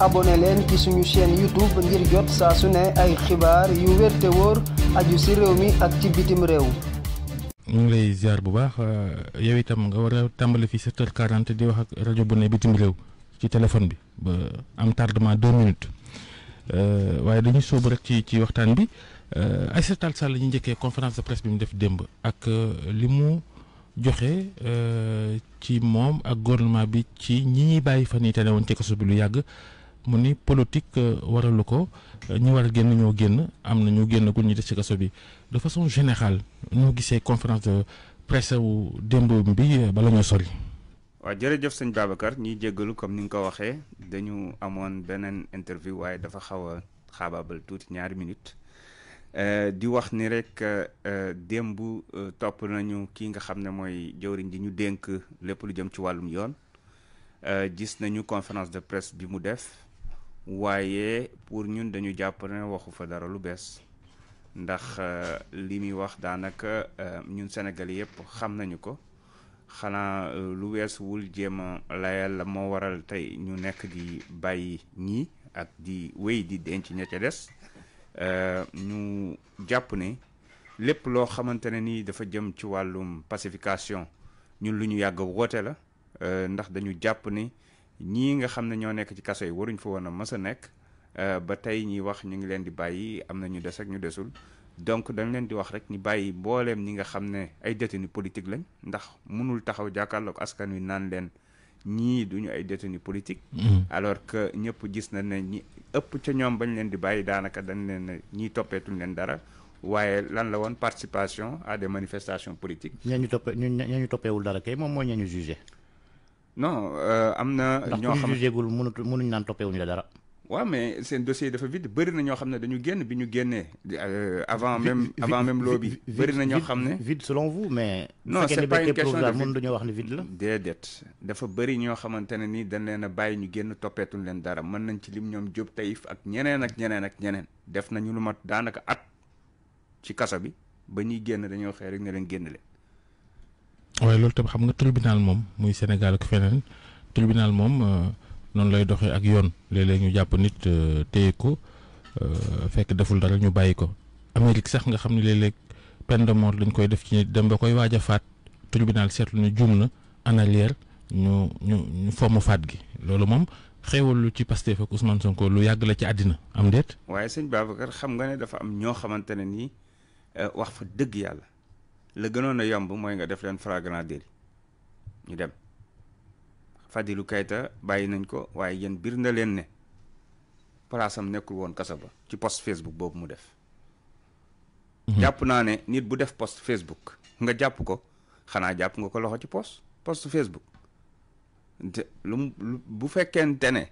abonné leen ci suñu chaîne YouTube ngir jot saa su ne ay xibaar yu wér te aju si réew mi ak ci bitim réew. ñu ngi lay ziar bu baax euh, yow itam nga war a tàmbali fii 7 quarante di wax ak rajo bu ne bitim réew ci téléphone bi ba am tardement 2 minutes euh, waaye dañuy soobu rek ci ci waxtaan bi euh, Aïssata Tall Sall ñu njëkkee conférence de presse bi mu def démb ak li mu. joxe ci moom ak gouvernement bi ci ñi ñuy bàyyi fan yi te woon ci kaso bi lu yàgg mu ni politique euh, waralu ko ñi war a génn ñoo génn am na ñu génn gu ñu def ci kaso bi de façon générale ñoo gisee conférence de presse wu démb bi euh, bala ñoo sori. waaw jërëjëf sëñ Babacar ñiy jéggalu comme ni nga ko waxee dañu amoon beneen interview waaye dafa xaw a xaabaabal tuuti ñaari minutes euh, di wax ni rek démb topp nañu kii nga xam ne mooy jëwriñ ji ñu dénk lépp lu jëm ci wàllum yoon gis nañu conférence de presse bi mu def. waaye pour ñun dañu jàpp ne waxu fa dara lu bees ndax euh, li muy wax daanaka euh, ñun Sénégal yëpp xam nañu ko xanaa euh, lu wees wul jéem a layal moo waral tey ñu nekk di bàyyi ñii ak di wéy di denc ña ca des ñu jàpp ne lépp loo xamante ne ni dafa jëm ci wàllum pacification ñun lu ñu yàgg woote la ndax dañu jàpp ni ñii nga xam ne ñoo nekk ci kaso yi waruñ fa woon a mës a nekk euh, ba tey ñi wax ñu ngi leen di bàyyi am na ñu des rek ñu desul donc dañ leen di wax rek ñu bàyyi mbooleem ñi nga xam ne ay détenu politique lañ ndax mënul taxaw jàkkaarloog askan wi naan leen ñii duñu ay détenu politique mm-hmm. alors que ñëpp gis na ne ñi ëpp ca ñoom bañ leen di bàyyi daanaka dañ leen ne ñiy toppeetuñ leen dara waaye lan la woon participation à des manifestations politiques ñañu toppe ñañu toppeewul dara kay moom mooy ñañu jugé non euh, am na. ñoo xam ndax ku naan toppee wuñu la dara. waaw mais seen dossier dafa vide bëri na ñoo xam ne dañu génn bi ñu génnee. Euh, avant même avant même loo bi. bëri na ñoo xam ne vide selon vous mais. non c'est pas une question de mën dañoo wax ne vide la. déedéet dafa bëri ñoo xamante ne ni dañ leen a bàyyi ñu génn toppeetuñ leen dara mën nañ ci lim ñoom Diop Taïf ak ñeneen ak ñeneen ak ñeneen. def nañu lu mat daanaka at ci kaso bi ba ñuy génn dañoo xëy rek ne leen génn leen waaye loolu tam xam nga tribunal moom muy Sénégal ak feneen tribunal moom euh, noonu lay doxee ak yoon léeg ñu jàpp nit euh, téye ko euh, fekk deful dara ñu bàyyi ko Amérique sax nga xam ne léeg-léeg peine de mort lañ koy def ci nit dem ba koy waaja faat tribunal seetlu nu juum na en arrière ñu ñu ñu faat gi loolu moom xéewal lu ci Pastef ak Ousmane Sonko lu yàgg la ci àddina am déet. waaye sëñ Babacar xam nga ne dafa am ñoo xamante ne nii wax fa dëgg yàlla. la gënoon a yomb mooy nga def leen flagrant délit ñu dem Fadilou Keita bàyyi nañ ko waaye yéen biir na leen ne place am nekkul woon kaso ci post Facebook boobu mu def. Mhm. jàpp naa ne nit bu def post Facebook nga jàpp ko xanaa jàpp nga ko loxo ci post post Facebook. te lu bu fekkente ne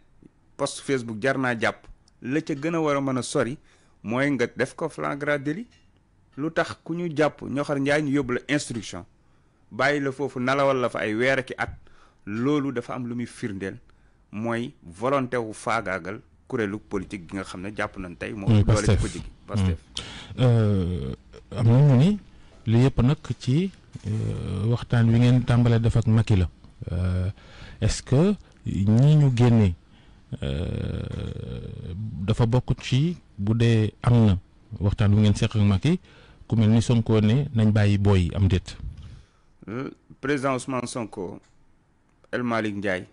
post Facebook jar naa jàpp la ca gën a war a mën a sori mooy nga def ko flagrant délit. lu tax ku ñu jàpp ñoxar njaay ñu yóbbu la instruction bàyyi la foofu nalawal la fa ay weer ki at loolu dafa am lu muy firndeel mooy volonté wu faagaagal kuréelu politique gi nga xam ne jàpp nañ tey. moo doole ci ko jigi Pastef mm. euh, am na ñu yëpp nag ci euh, waxtaan wi ngeen tàmbalee def ak Macky la. Euh, est-ce que ñii ñu génne dafa bokk ci bu dee am na waxtaan wi ngeen seq ak ku mel ni Sonko ne nañ bàyyi booy am déet. Euh, président Ousmane Sonko El Malick Ndiaye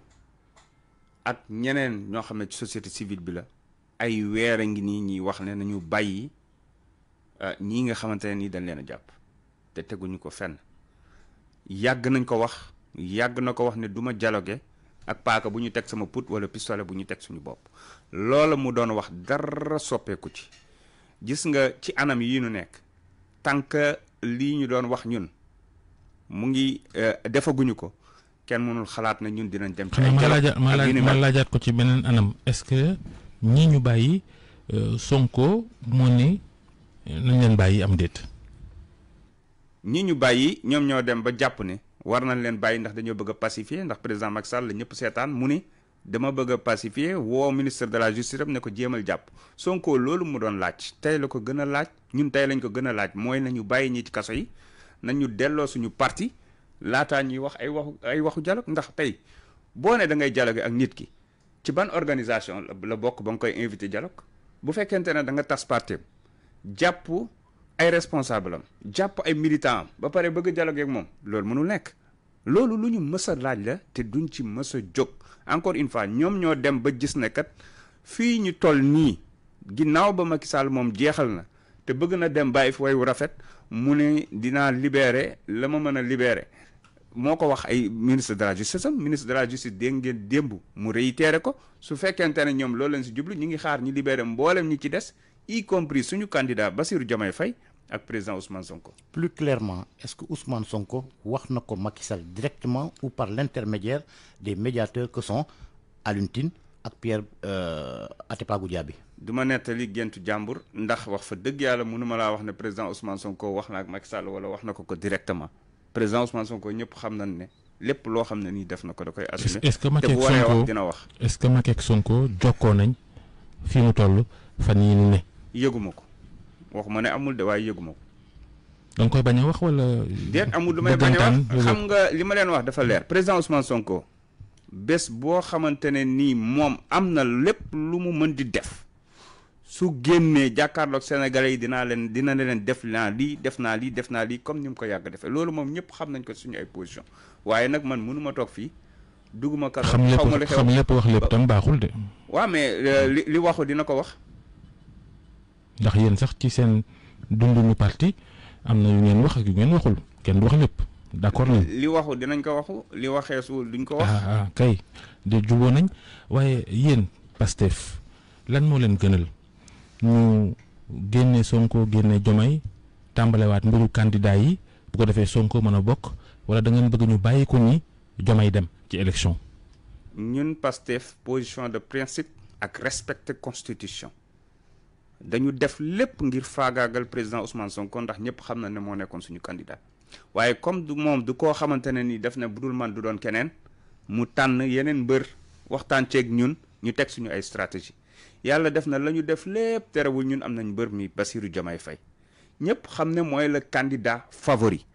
ak ñeneen ñoo xam ne ci société civile bi la ay weer a ngi nii ñuy wax ne nañu bàyyi euh, ñi nga xamante ne nii dañ leen jàpp te teguñu ko fenn yàgg nañ ko wax yàgg na ko wax ne duma jaloge ak paaka bu ñu teg sama put wala pistolet bu ñu teg suñu bopp loola mu doon wax dara soppeeku ci gis nga ci anam yi nu nekk. tant que lii ñu doon wax ñun mu ngi euh, defaguñu ko kenn mënul xalaat na ñun dinañ dem. ci ay dialogue ma laajaat ko ci beneen anam est-ce que ñi ñu bàyyi euh, Sonko moo ni euh, nañ leen bàyyi am déet. ñi ñu bàyyi ñoom ñoo dem ba jàpp ne war nañ leen bàyyi ndax dañoo bëgg a pacifier ndax président Macky Sall la ñëpp seetaan mu ni. dama bëgg a pacifier woo ministre de la justice am ne ko jéemal jàpp Sonko loolu mu doon laaj tey la ko gën a laaj ñun tey lañ ko gën a laaj mooy nañu bàyyi ñi ci kaso yi nañu delloo suñu parti laataa ñuy wax ay waxu ay waxu dialogue ndax tey boo ne da ngay dialogue ak nit ki ci ban organisation la bokk ba nga koy invité dialogue bu fekkente ne da nga tas parti jàpp ay responsable jàpp ay militant am ba pare bëgg dialogue ak moom loolu mënul nekk loolu lu ñu mës laaj la te duñ ci mës jóg encore une fois ñoom ñoo dem ba gis ne kat fii ñu toll nii ginnaaw ba Macky Sall moom jeexal na te bëgg na dem bàyyi fi wayu rafet mu ne dinaa libérer la ma mën a libérer moo ko wax ay ministre de la justice am ministre de la justice dégg ngeen démb mu réitéré ko su fekkente ne ñoom loolu leen si jublu ñu ngi xaar ñi libéré mboolem ñi ci des y compris suñu ba Bassirou Diomaye fay ak président Ousmane Sonko. plus clairement est-ce que Ousmane Sonko wax na ko Macky directement ou par l'intermédiaire des médiateur que sont Alioune Tine ak Pierre euh, Atepa Goudiaby. du ma nettali géntu jàmbur ndax wax fa dëgg yàlla mënuma laa wax ne président Ousmane Sonko wax na ak Macky Sall wala wax na ko ko directement président Ousmane Sonko ñëpp xam nañ ne. lépp loo xam ne nii def na ko da koy assumer est-ce que Macky ak Sonko dina wax est-ce que Macky ak Sonko jokkoo nañ fi mu toll fan yii ñu ne. yëguma ko. waxuma ne amul de waaye yëguma ko. da nga koy bañ a wax wala. déet amul lu may bañ a wax xam nga li ma leen wax dafa leer président Ousmane Sonko bés boo xamante ne nii moom am na lépp lu mu mën di def su génnee jàkkaarloog Sénégalais yi dinaa leen dina ne leen def naa lii def naa lii def naa lii comme ni mu ko yàgg defee loolu moom ñëpp xam nañ ko suñu ay position waaye nag man mënu ma toog fii. dugguma kàddu xaw ma lu xew xam lépp wax lépp tam baaxul de. waaw mais euh, li waxu dina ndax yéen sax ci seen dunduñu parti am na yu ngeen wax ngeen waxul kenn du wax lépp d'accord nañ li waxu dinañ ko waxu li waxee waxeesuwul duñ ko wax ah, ah kay de juboo nañ waaye yéen Pastef lan moo leen gënal ñu génne Sonko génne Diomaye tàmbalewaat mbiru candidat yi bu ko defee Sonko mën a bokk wala da ngeen bëgg ñu bàyyi ko ñi Diomaye dem ci élection ñun Pastef position de principe ak respecter constitution dañu def lépp ngir faagaagal président Ousmane Sonko ndax ñëpp xam na ne moo nekkoon suñu candidat waaye comme du moom du koo xamante ne ni def na bu dul man du doon keneen mu tànn yeneen mbër waxtaan ceeg ñun ñu teg suñu ay stratégie yàlla def na la ñu def lépp terewul ñun am nañ mbër mi Bassirou Diomaye Faye ñëpp xam ne mooy le candidat favori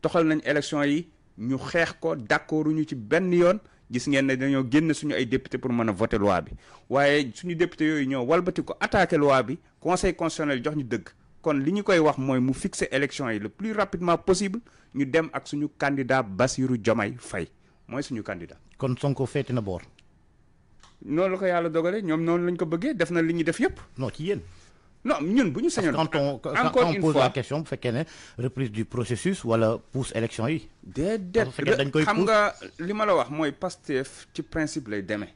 toxal nañu élection yi ñu xeex ko d'accorduñu ci benn yoon gis ngeen dañoo génn suñu ay député pour man a voter loi bi waaye suñu député yooyu ñoo walbati ko attaqué loi bi conseil constitutionnel jox ñu dëgg kon li ñu koy wax mooy mu fixer élection yi le plus rapidement possible ñu dem ak suñu candidat Bassirou jomay Faye mooy suñu candidat. kon Sonko féete na boor. noonu la ko yàlla dogale ñoom noonu lañ ko bëggee def na li ñu def yëpp. non ci yéen. non ñun bu ñu sañoon. quand on quand on pose la question bu fekkee ne reprise du processus wala pousse élection yi. déedéet dañ koy xam nga li ma la wax mooy Pastef ci principe lay deme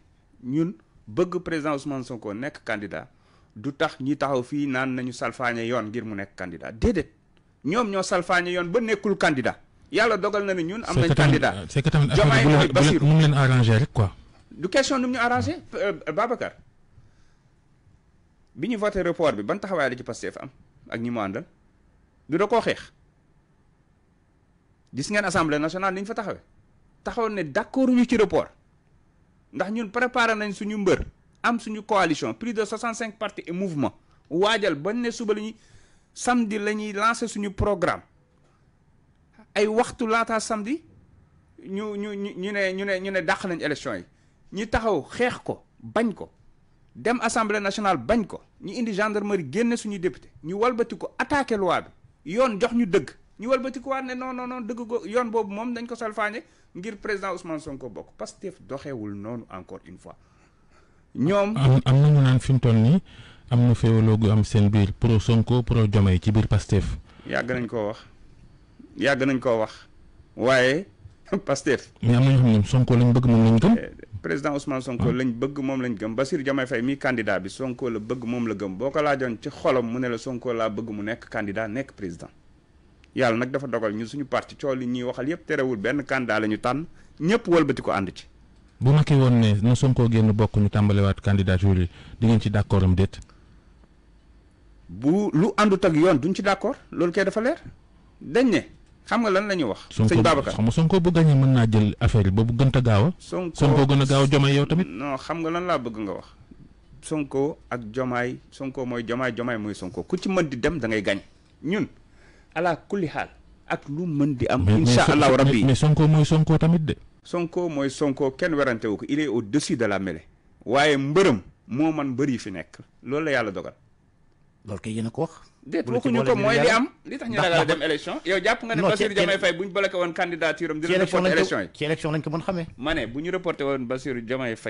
ñun bëgg président soo Sonko nekk candidat du tax ñi taxaw fii naan nañu salfaañe yoon ngir mu nekk candidat déedéet ñoom ñoo salfaañe yoon ba nekkul candidat yàlla dogal na ne ñun. am nañ candidat c'est que tamit c'est que tamit affaire bi mu leen arrangé rek quoi. du question nu mu ñu euh, bi ñu voté report bi ban taxawaay la ci Pastef am ak ñi mu àndal du da koo xeex gis ngeen assemblée nationale ni ñu fa taxawee taxaw ne d'accord ñu ci report ndax ñun préparer nañ suñu mbër am suñu coalition plus de 65 partis et mouvement waajal bañ ne suba la ñuy samedi la ñuy lancer suñu programme ay waxtu laataa samedi ñu ñu ñu ne ñu ne ñu ne dàq nañ élection yi ñu taxaw xeex ko bañ ko. dem assemblée nationale bañ ko ñu indi gendarmerie génne suñuy député ñu walbati ko attaqué loi bi yoon jox ñu dëgg ñu walbati ko waa ne non non non dëgg ko yoon boobu moom dañ ko solfaane ngir président Ousmane Sonko bokk Pastef doxewul noonu encore une fois. ñoom am am naan fi mu toll nii am na féewaloo am seen biir pro Sonko pro Diomaye ci biir Pastef. yàgg nañ koo wax yàgg nañ ko wax waaye Pastef. mais am na ñoo xam ne Sonko lañ bëgg moom lañ gëm. Eh, président Ousmane Sonko ah. lañ bëgg moom lañ gëm Bassirou Diomaye Faye mii candidat bi Sonko la bëgg moom la gëm boo ko laajoon ci xolam mu ne la Sonko laa bëgg mu nekk candidat nekk président yàlla nag dafa dogal ñu suñu parti coow li ñuy waxal yëpp terewul benn candidat la ñu tànn ñëpp wëlbati ko ànd ci. bu ma kii woon ne na Sonko génn bokk ñu tàmbaliwaat candidature yi di ngeen ci d' accord am déet. bu lu àndut ak yoon duñ ci d' accord loolu kay dafa leer dañ ne. xam nga lan la ñuy wax. sëñ Babacar xam nga Sonko bu gañee mën naa jël affaire yi ba bu gën a gaaw a. Sonko gën a gaaw a Jomaay yow tamit. non xam nga lan laa bëgg nga wax. Sonko ak Jomaay Sonko mooy Jomaay Jomaay mooy Sonko ku ci mën di dem da ngay gañ ñun ala kulli xaal ak lu mën di am. incha allahu rabbi mais Sonko mooy Sonko tamit de. Sonko mooy Sonko kenn werante wu ko il est au-dessus de la mêlée. waaye mbërëm moo man bëri yi fi nekk loolu la yàlla dogal. loolu kay yéen déet waxuñu am li tax jàpp nga ne Bassirou Diomaye Faye bu ñu bloqué woon candidature am dina reporté élection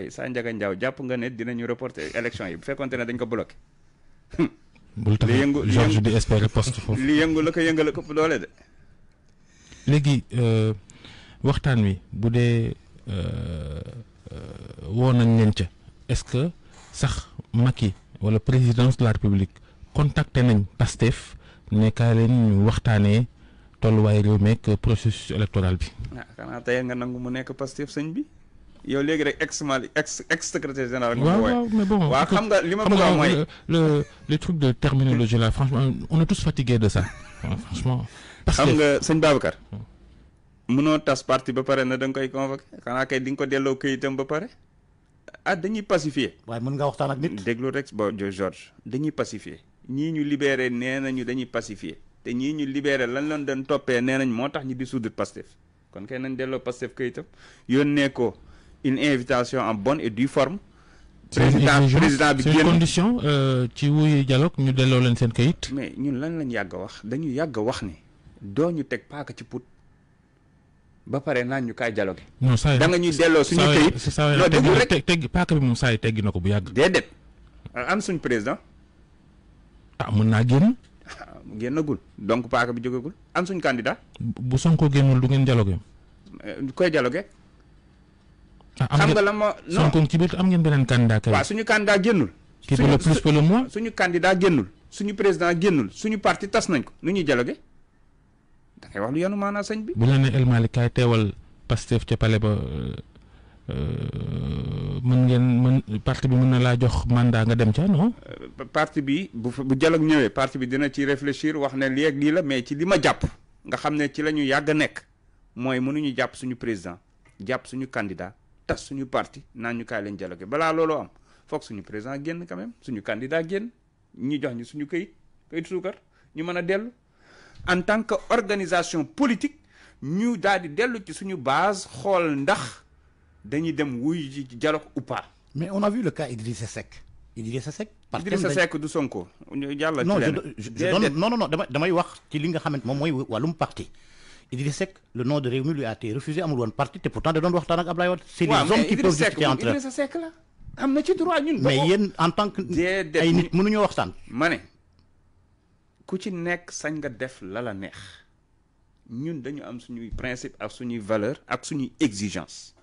ci jàpp nga ne dinañu reporté élection yi bu fekkonte ne dañ ko bloqué bul tax Georges di espérer foofu li yëngu la ko yëngala këpp doole de léegi euh, waxtaan wi bu dee euh, euh, woo nañ leen ca est-ce que sax Macky wala présidence de la République contacté nañ Pastef ne kaa leen ñu waxtaanee tolluwaay réew meek processus électoral bi. ah xanaa tey nga nangu mu nekk Pastef sëñ bi. yow léegi rek ex mal ex ex secrétaire général. nga ko waaw mais bon waaw xam nga li ma bëgg a mooy le le truc de terminologie là franchement on est tous fatigués de ça franchement. xam nga sëñ Babacar. mënoo tas parti ba pare na da nga koy convoqué xanaa kay di nga ko delloo këyitam ba pare. ah dañuy pacifier. waaye mën nga waxtaan ak nit. déglu rek ba George dañuy pacifier. ñii ñu libéré nee nañu dañuy pacifier te ñii ñu libéré lan lañ doon toppee nee nañ moo tax ñu dissoudre Pastef kon kay nañ delloo Pastef kayitam yónnee ko une invitation en bonne et forme. président président bi génn condition euh, ci wuyu dialogue ñu delloo leen seen kayit. mais ñun lan lañ yàgg wax dañu yàgg wax ni doo ñu teg paaka ci put ba pare naan ñu kaay dialogue. non saa da nga ñuy delloo ko bu yàgg. déedéet am suñ président. ah mën naa génn. Ah, génnagul donc paaka bi jógagul am suñ candidat. bu Sonko génnul du ngeen dialogué. Eh, koy dialogué. Ah, xam nga la ma non Sonko ci biir am ngeen beneen candidat. waaw suñu candidat génnul. qui peut le plus peut le moins. suñu génnul. suñu président génnul suñu parti tas nañ ko nu ñuy dialogué da ngay wax lu yanu maanaa sëñ bi. bu la nee El Malick teewal Pastef ca palais ba. Euh, Euh, mën ngeen mën parti bi mun na laa jox mandat nga dem ca non. Euh, parti bi bu bu dialogue ñëwee parti bi dina ci réfléchir wax ne lii ak lii la mais ci li ma jàpp nga xam ne ci la ñu yàgg a nekk mooy mënuñu jàpp suñu président jàpp suñu candidat tas suñu parti naan ñu kaay leen dialogue balaa looloo am foog suñu président génn quand suñu candidat génn ñi jox ñu suñu këyit këyit suukar ñu mën a dellu en tant que organisation politique ñu daal di dellu ci suñu base xool ndax. dañuy dem wuy ji dialogue ou pas. mais on a vu le cas Idrissa Seck. Idrissa Seck. par Idrissa Seck du Sonko. yàlla non damay wax ci li nga xamante moom mooy wàllum parti. Idriss Seck le nom de Rewmi lui a été refusé amul woon parti te pourtant da doon waxtaan ak Ablaye Wade. c'est des hommes qui peuvent discuter entre eux la am na ci droit ñun. en tant que. ay nit mënuñoo waxtaan. ma ne ku ci nekk sañ nga def la neex ñun dañu am suñuy principe ak suñuy valeur ak suñuy exigence.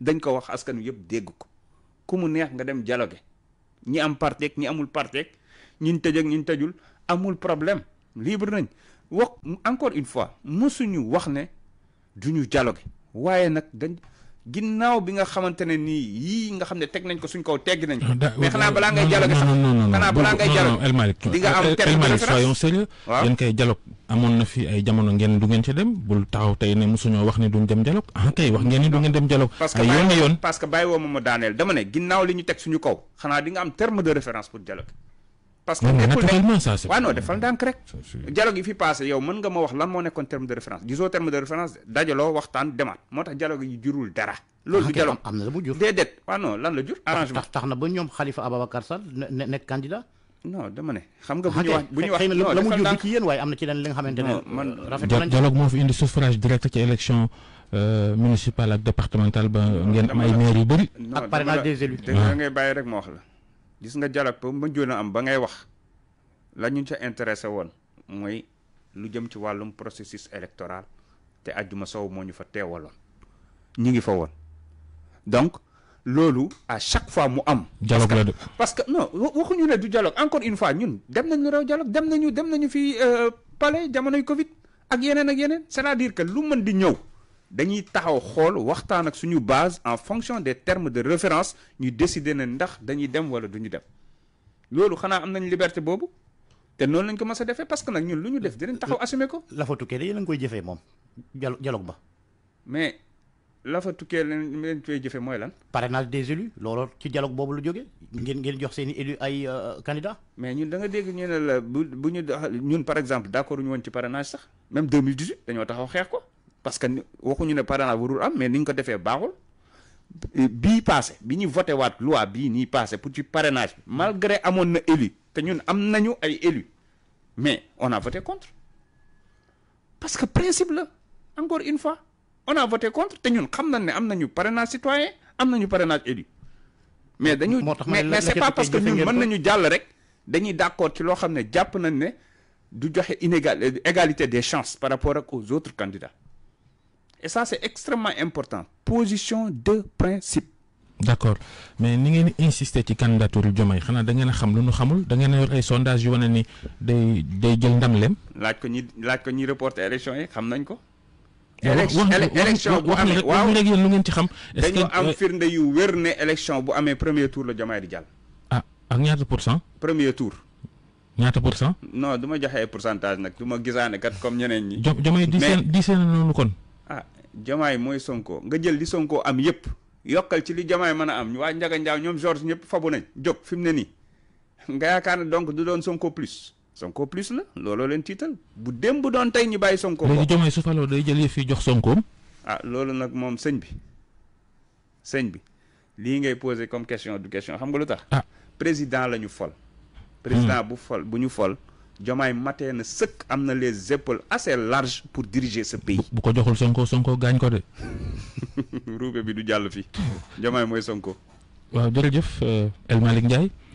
dañ ko wax askan wi yëpp dégg ko ku mu neex nga dem dialogue ñi am parti ak ñi amul parti ak ñin tëj ak tëjul amul problème libre nañ wax encore une fois mosuñu wax ne du ñu dialogue waaye nag dañ ginnaaw bi nga xamante ne nii yii nga xam ne teg nañ ko suñ kaw tegg nañ ko. mais xanaa balaa ngay dialogue sax xanaa balaa ngay dialogue El Malick am El na fi ay jamono ngeen du ngeen ci dem bul taxaw tey ne mosuñoo wax ni duñ dem dialogue ah kay wax ngeen ni du ngeen dem dialogue ay yoon yoon parce que bàyyi woo ma ma daaneel dama ne ginnaaw li ñu teg suñu kaw xanaa di nga am terme de référence pour dialogue parce que naturellement ça waaw ma wax lan moo nekkoon terme de référence gisoo terme de référence dajaloo waxtaan demaat moo tax jurul dara loolu ah, jur déedéet tax na ba ñoom Khalifa Ababacar Sall nekk candidat non dama ne xam nga bu ah, ñu wax bu la mu jur ci yéen waaye am na ci leen li nga xamante ne man moo fi indi suffrage direct ci élection euh, municipale ak départementale ba ngeen am ay maire yu bëri ak parrainage des élus da ah. bàyyi rek ma wax la gis nga dialogue ba mujjoon a am ba ngay wax la ñu ca intéressé woon mooy lu jëm ci wàllum processus électoral te àjjuma sow moo ñu fa teewaloon ñu ngi fa woon donc loolu à chaque fois mu am. dialogue la de parce que non waxuñu ne du dialogue encore une fois ñun dem nañ lu raw dialogue dem nañu dem nañu fi euh, palais jamonoy Covid ak yeneen ak yeneen c'est-à-dire que lu mën di ñëw. dañuy taxaw xool waxtaan ak suñu base en fonction des terme de référence ñu décider ne ndax dañuy dem wala duñu dem loolu xanaa am nañ liberté boobu te noonu lañ ko mës a defee parce que nag ñun lu ñu def dinañ taxaw assumer ko. la fa tukkee koy jëfee moom dialogue ba. mais la fa tukkee leen leen koy jëfee mooy lan. parrainage des élus looloo ci dialogue boobu lu jógee. ngeen ngeen jox seen i élus ay euh, candidats. mais ñun da nga dégg ñu ne la bu bu ñu ñun par exemple d' accord woon ci parrainage sax même 2018 dañoo taxaw ko. parce que waxuñu ne parrainage warul am mais ni ko defee baaxul bii passé bi ñu voté waat loi bii nii passé pour ci parrainage malgré amoon na élu te ñun am nañu ay élu mais on a voté contre parce que principe la encore une fois on a voté contre te ñun xam nañ ne am nañu parrainage citoyen am nañu parrainage élu mais dañu mais c'est pas parce que ñun mën nañu jàll rek dañuy d'accord ci loo xam ne jàpp nañ ne du joxe inégalité euh, égalité des chances par rapport ak aux autres candidats et ça c'est extrêmement important position de principe. d'accord mais ni ngeen insister ci candidature Diomaye xanaa da ngeen a xam lu ñu xamul da ngeen a yor ay sondage yu wane ni day day jël ndam lem. laaj ko ñi laaj ñi reporter élection yi xam nañ ko. élection bu amee waaw wax lu ngeen ci xam. est-ce que dañoo am euh, firnde yu wér ne élection bu amee premier tour la Diomaye di jàll. ah ak ñaata pour cent. premier tour. ñaata pour cent. non du ma joxe ay pourcentage nag du ma gisaane kat comme ñeneen ñi. Diomaye di seen di kon. jamaay mooy Sonko nga jël di Sonko am yëpp yokkal ci li jamaay mën a am waa Njaga ñoom George ñëpp fabu nañ jóg fi mu ne nii nga yaakaar ne donc du doon Sonko plus Sonko plus la looloo leen tiital bu dem bu doon tey ñu bàyyi Sonko. léegi jamaay su faloo day jël yëf yi jox Sonkoom. ah loolu nag moom sëñ bi sëñ bi lii ngay posé comme question du question xam nga lu tax. ah président la ñu fol. président hmm. bu fol bu ñu fol. Diomaye matee na sëkk am na les épaules assez larges pour diriger ce pays. bu ko joxul Sonko Sonko gaañ ko de. ruube bi du jàll fi Diomaye mooy Sonko. waaw jërëjëf euh, El Malick Ndiaye.